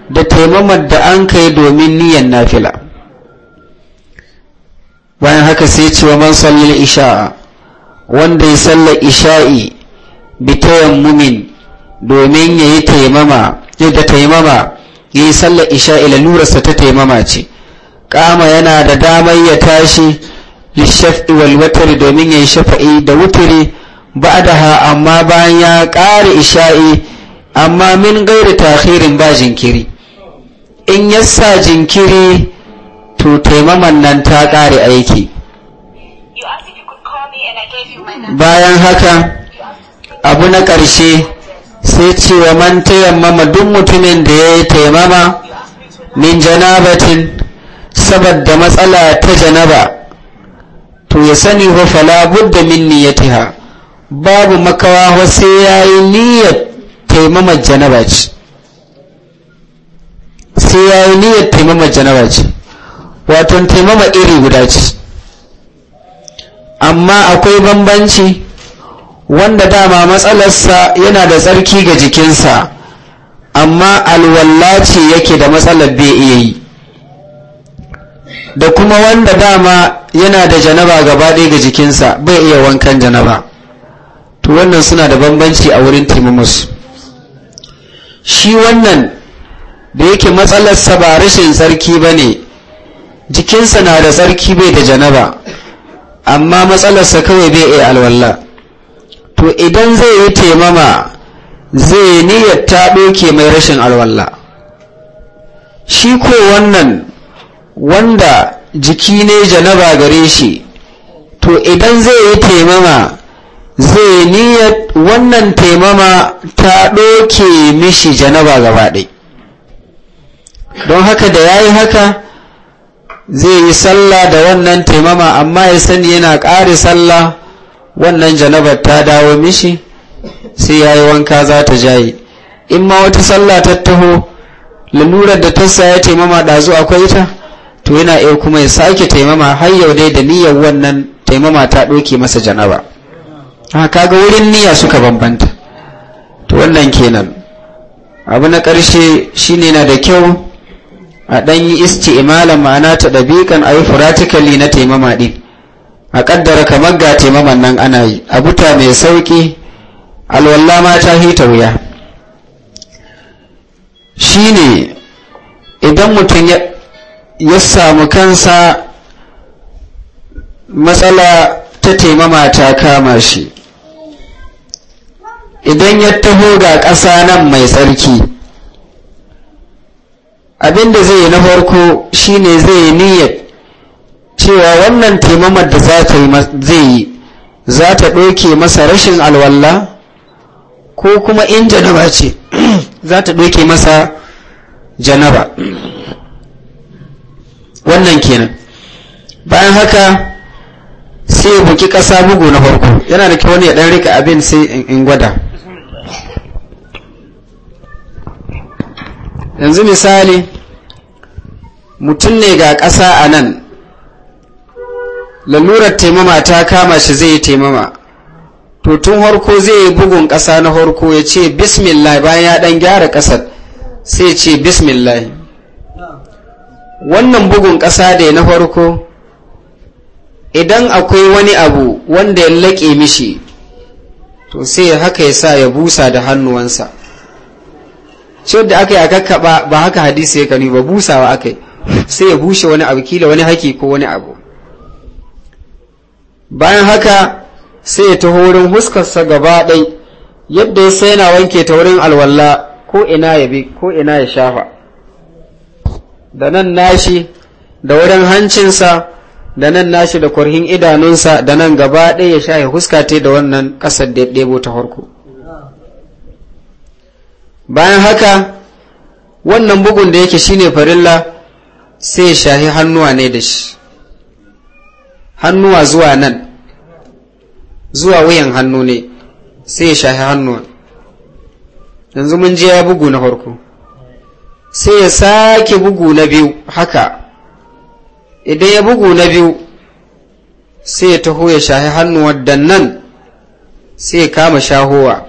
da taimamar da an kai domin niyyar nafila bayan haka sai cewa wa sallar isha'a wanda ya sallar isha'i bitayen mumin domin ya yi taimama yadda taimama ya yi sallar isha ila lurarsa ta taimama ce kama yana da damar ya tashi lishafi walwatar domin ya yi shafa'i da wuturi ba da ha amma bayan ya ƙare isha'i amma min gairi tahirin ba jinkiri in yasa jinkiri to taimaman nan ta ƙare aiki bayan haka abu na ƙarshe sai ce wa man tayammama duk mutumin da ya yi taimama min janabatin saboda matsala ta janaba to ya sani wa fala budda min niyyatiha babu makawa sai ya yi niyyar taimamar janaba ce sai ya yi niyyar taimamar janaba ce wato taimama iri guda ce amma akwai bambanci wanda dama matsalarsa yana da tsarki ga jikinsa amma alwalla ce yake da matsalar bai iya yi da kuma wanda dama yana da janaba gaba ɗaya ga jikinsa bai iya wankan janaba to wannan suna da bambanci a wurin timimus shi wannan da yake matsalarsa ba rashin tsarki ba ne jikinsa na da tsarki bai da janaba amma matsalarsa kawai bai iya alwallah to idan zai yi taimama zai niyyar ta ɗoke mai rashin alwalla shi ko wannan wanda jiki ne janaba gare shi to idan zai yi taimama zai niyyar wannan taimama ta ɗoke mishi janaba gaba ɗai don haka da ya yi haka zai yi sallah da wannan taimama amma ya sani yana ƙari sallah wannan janabar ta dawo mishi sai ya yi wanka za ta jaye in ma wata sallah ta taho lalurar da ta ya taimama ɗazu akwai ita to yana iya kuma ya sake taimama har yau dai da niyyar wannan taimama ta ɗauke masa janaba ha kaga wurin niyya suka bambanta to wannan kenan abu na ƙarshe shine na da kyau a ɗan yi imalan ma'ana ta ɗabiƙan a yi na taimama ɗin a kaddara kamar ga taimaman nan ana yi abuta mai sauki alwallah ma ta hita wuya shine idan mutum ya samu kansa matsala ta taimama ta kama shi idan ya taho ga ƙasa nan mai tsarki abinda zai yi na farko shine zai yi niyyar cewa wannan taimamar da za ta yi zai yi za ta ɗauke masa rashin alwallah ko kuma in janaba ce *clears throat* za ta ɗauke masa janaba wannan kenan bayan haka sai ya buki ƙasa bugu na farko yana da kyau wani ya ɗan rika abin sai in gwada yanzu misali mutum ne ga ƙasa a nan lalurar taimama ta kama shi zai yi taimama to tun harko zai yi bugun ƙasa na harko ya ce bismillah bayan ya ɗan gyara ƙasar sai ce bismillah wannan bugun ƙasa da na harko idan akwai wani abu wanda ya laƙe mishi to sai haka ya sa ya busa da hannuwansa ce da aka yi a kakkaɓa ba haka hadisi ya kanu ba busawa aka yi sai ya bushe wani abu kila wani haki ko wani abu bayan haka sai ya taho wurin huskarsa gaba ɗai yadda ya sai yana wanke ta wurin alwalla ko ina ya bi ko ina ya shafa da nan nashi da wurin hancinsa da nan nashi da kwarhin idanunsa da nan gaba ɗaya ya shaye huska ta da wannan ƙasar da ya ɗebo ta farko bayan haka wannan bugun da yake shine farilla sai ya shahi hannuwa ne da shi hannuwa zuwa nan zuwa wuyan hannu ne sai ya shahi hannuwa yanzu mun je ya bugu na farko sai ya sake bugu na biyu haka idan ya bugu na biyu sai ya taho ya shahi hannuwar nan sai ya kama shahowa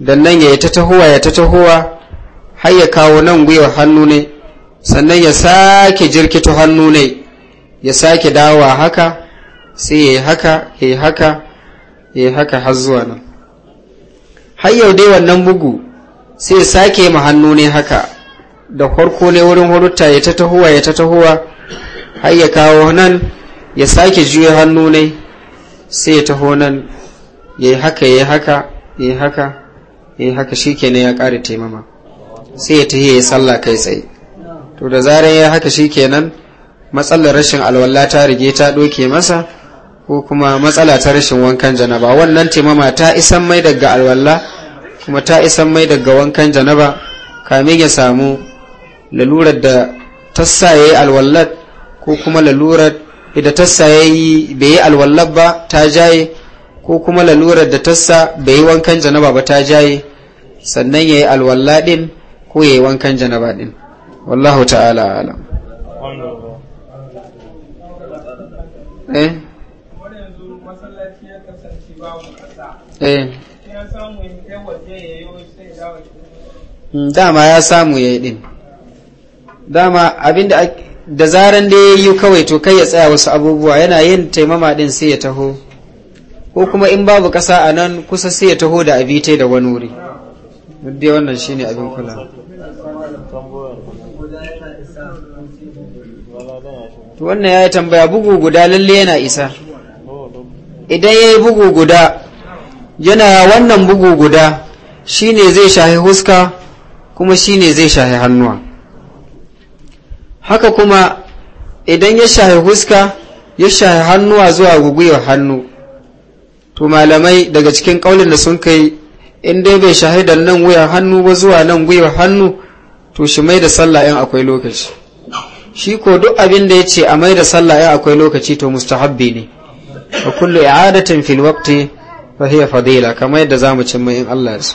nan ya yi ta tahowa ya ta tahowa har ya kawo nan gwiwa hannu ne sannan ya sake jirkito hannu ne ya sake dawowa haka sai ya yi haka ya yi haka ya yi haka har zuwa nan har yau dai wannan bugu sai ya sake ma hannu ne haka da farko ne wurin hurutta ya ta tahowa ya ta tahowa har ya kawo nan ya sake juya hannu ne sai ya taho nan ya yi haka ya yi haka ya yi haka ya yi haka shi kenan ya ƙara taimama sai ya tahi ya yi sallah kai tsaye to da zarar ya haka shi kenan matsalar rashin alwala ta rige ta doke masa ko kuma matsala ta rashin wankan janaba wannan taimama ta isan mai daga alwala kuma ta isan mai daga wankan janaba kamin ya samu lalurar da tassaye alwallat ko kuma lalurar da tassaye yi bai yi alwallat ba ta jaye ko kuma lalurar da tassa bai yi wankan janaba ba ta jaye sannan ya yi alwallaɗin ko ya yi wankan janaba din wallahu ta'ala alam Eh? Eh. Mm, dama ya samu ya yi din dama abin da zaran da ya yi kawai to kai ya tsaya wasu abubuwa yana yin taimama din sai ya taho ko kuma in babu ƙasa a nan kusa sai ya taho da abitai da wani wuri dai wannan shine abin kula to wannan ya yi tambaya bugu guda lalle yana isa idan ya yi bugu guda yana wannan bugu guda shi ne zai shahi huska kuma shi ne zai shahi hannuwa haka kuma idan ya shahi huska ya shahi hannuwa zuwa guguyar hannu to malamai daga cikin kaulin da sun kai in dai bai shahi da nan wuyar hannu ba zuwa nan gwiwar hannu to shi mai da sallah in akwai lokaci shi ko duk abin da ya ce a mai da sallah ya akwai lokaci to mustahabbi ne a kullu i'adatin fil waqti fa hiya fadila kamar yadda zamu cin mai in Allah ya so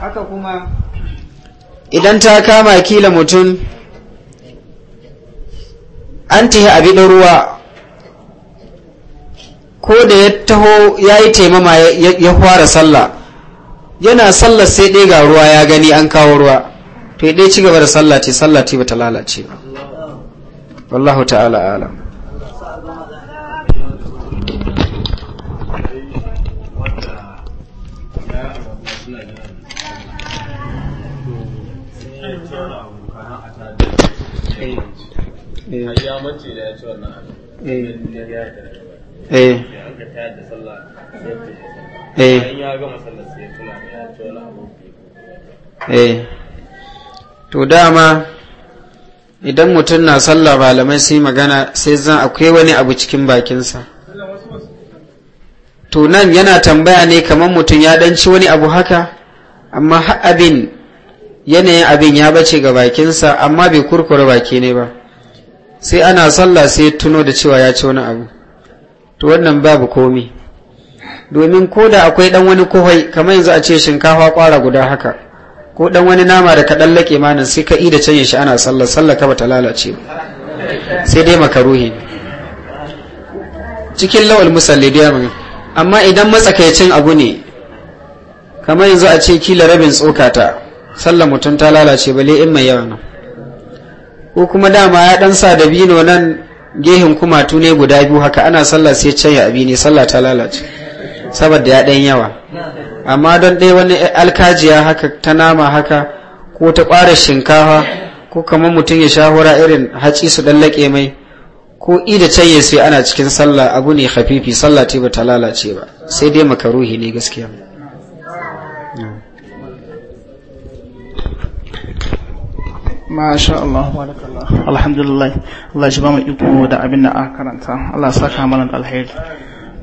haka kuma idan ta kama kila mutum an tihi abi da ruwa ko da ya taho ya yi taimama ya fara sallah yana sallar sai ɗaya ga ruwa ya gani an kawo ruwa to dai ci gaba da sallah ce sallah ce bata lalace ba wallahu ta'ala alam eh eh eh to dama idan mutum na sallah malamai sai magana sai zan akwai wani abu cikin bakinsa to nan yana tambaya ne kamar mutum ya ɗanci wani abu haka amma abin yanayin abin ya bace ga bakinsa amma bai kurkura baki ne ba sai ana sallah sai tuno da cewa ya ci wani abu to wannan babu komi domin ko da akwai ɗan wani kohai kamar yanzu a ce shinkafa kwara guda haka ko dan wani nama da ka dallake ma nan sai ka ida canye shi ana sallar sallar ka bata lalace ba sai dai makaruhi cikin lawal musalli da yamin amma idan matsakaicin abu ne kamar yanzu a ce kila rabin tsokata sallar mutum ta lalace ba in mai yawa nan ko kuma dama ya dan sa da bino nan gehen kumatu ne guda biyu haka ana sallah sai canya abi ne sallah ta lalace saboda ya dan yawa amma don dai wani alkajiya haka ta nama haka ko ta ƙwara shinkafa ko kamar mutum ya shahura irin haci su laƙe mai ko ida can ya sai ana cikin sallah abu ne hafifi sallah ce ba ta lalace ba sai dai makaruhi ne gaskiya Masha Allah, alhamdulillah, Allah shi ba mu iko da abin da aka karanta, Allah saka malam alheri.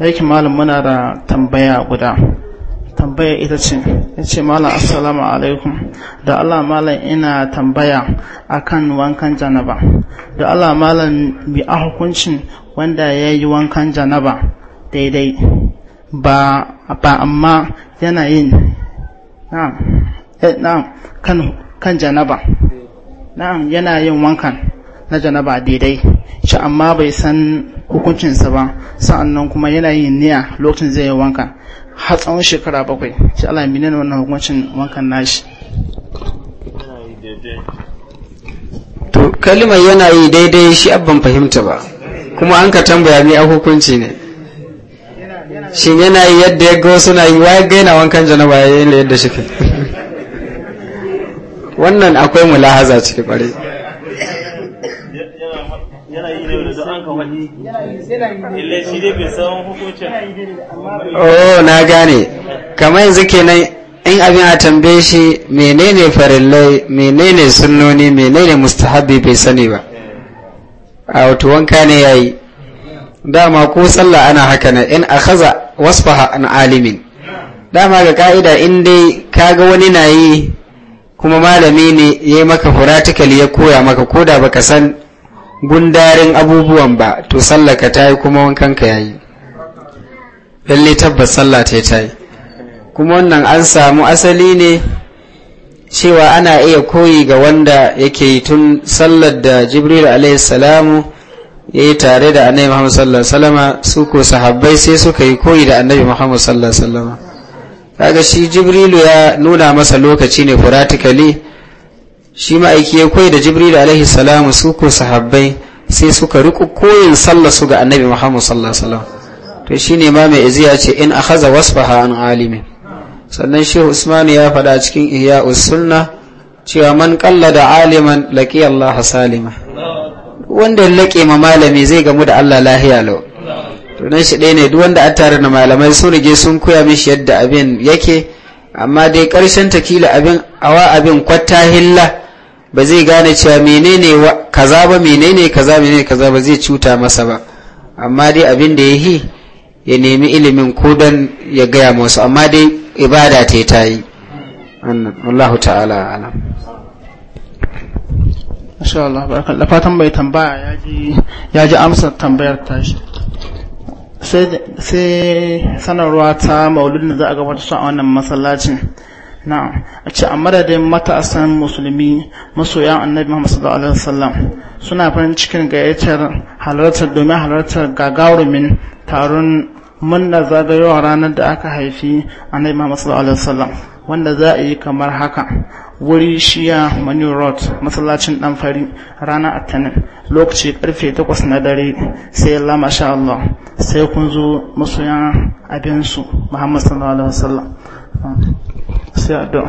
Aikin malam muna da tambaya guda. tambaya ita ce ya ce malam assalamu alaikum da allah malam ina tambaya akan wankan janaba da allah malam bi a hukuncin wanda ya yi wankan janaba daidai ba amma yana yin na'am eh, kan janaba na'am yana yin wankan na janaba daidai shi amma bai san hukuncinsa ba sa'annan kuma yana yin niya lokacin zai yi wankan har tsawon shekara bakwai sai Allah ya menene wannan hukuncin wankan nashi to kalma yana yi daidai shi abban fahimta ba kuma an ka tambaya ni a hukunci ne shin yana yi yadda ya ga suna yi wa ga yana wankan janaba yayin da yadda shi *laughs* wannan akwai mulahaza ciki bare. Oh, na gane kamar yanzu kenan in abin a tambaye shi menene farillai menene sunnoni menene mustahabi bai sani ba a wato wanka ne ya yi. dama ko sallah ana haka na in wasu wasfaha an alimin dama ga ka'ida in dai kaga wani na yi kuma malami ne ya yi maka furatikali ya koya maka koda baka san gundarin abubuwan ba to sallaka ta yi kuma wankan ka yayi lalle tabbas sallah ta ta yi kuma wannan an samu asali ne cewa ana iya koyi ga wanda yake tun sallar da jibril salamu ya yi tare da annabi muhammad sallallahu alaihi salama su ko sahabbai sai suka yi koyi da annabi muhammad sallallahu alaihi salama kaga shi jibrilu ya nuna masa lokaci ne furatikali shi ma'aiki ya koyi da jibril alaihi salam su ko sahabbai sai suka riƙo koyin sallah su ga annabi muhammad sallallahu alaihi wasallam to shine ma mai iziya ce in akhaza wasfaha an alimin sannan shi usman ya faɗa cikin ihya sunna cewa man da aliman laƙi Allah salima wanda laƙe ma malami zai gamu da Allah lahiya lau to nan shi ɗaya ne duk wanda an tare da malamai sun rige sun koya mishi yadda abin yake amma dai ƙarshen takila abin awa abin kwata hilla ba zai gane cewa menene kaza ba menene kaza menene kaza ba zai cuta masa ba amma dai abin da ya yi ya nemi ilimin ko don ya gaya masu amma dai ibada ta ta yi wallahu ta'ala alam Masha Allah barkan da fatan bai tambaya ya ji amsa tambayar shi sai sanarwa ta maulidin da za a gabatar a wannan masallacin na'am a ce a madadin matasan musulmi masoyan annabi Muhammad sallallahu alaihi wasallam suna farin cikin gayyatar halartar domin halartar gagarumin taron munna zagayowar ranar da aka haifi annabi Muhammad sallallahu alaihi wasallam wanda za a yi kamar haka wuri shiya manu road masallacin dan fari rana atanin lokaci karfe 8 na dare sai Allah masha Allah sai kun zo masoyan abinsu Muhammad sallallahu alaihi wasallam 是啊，对。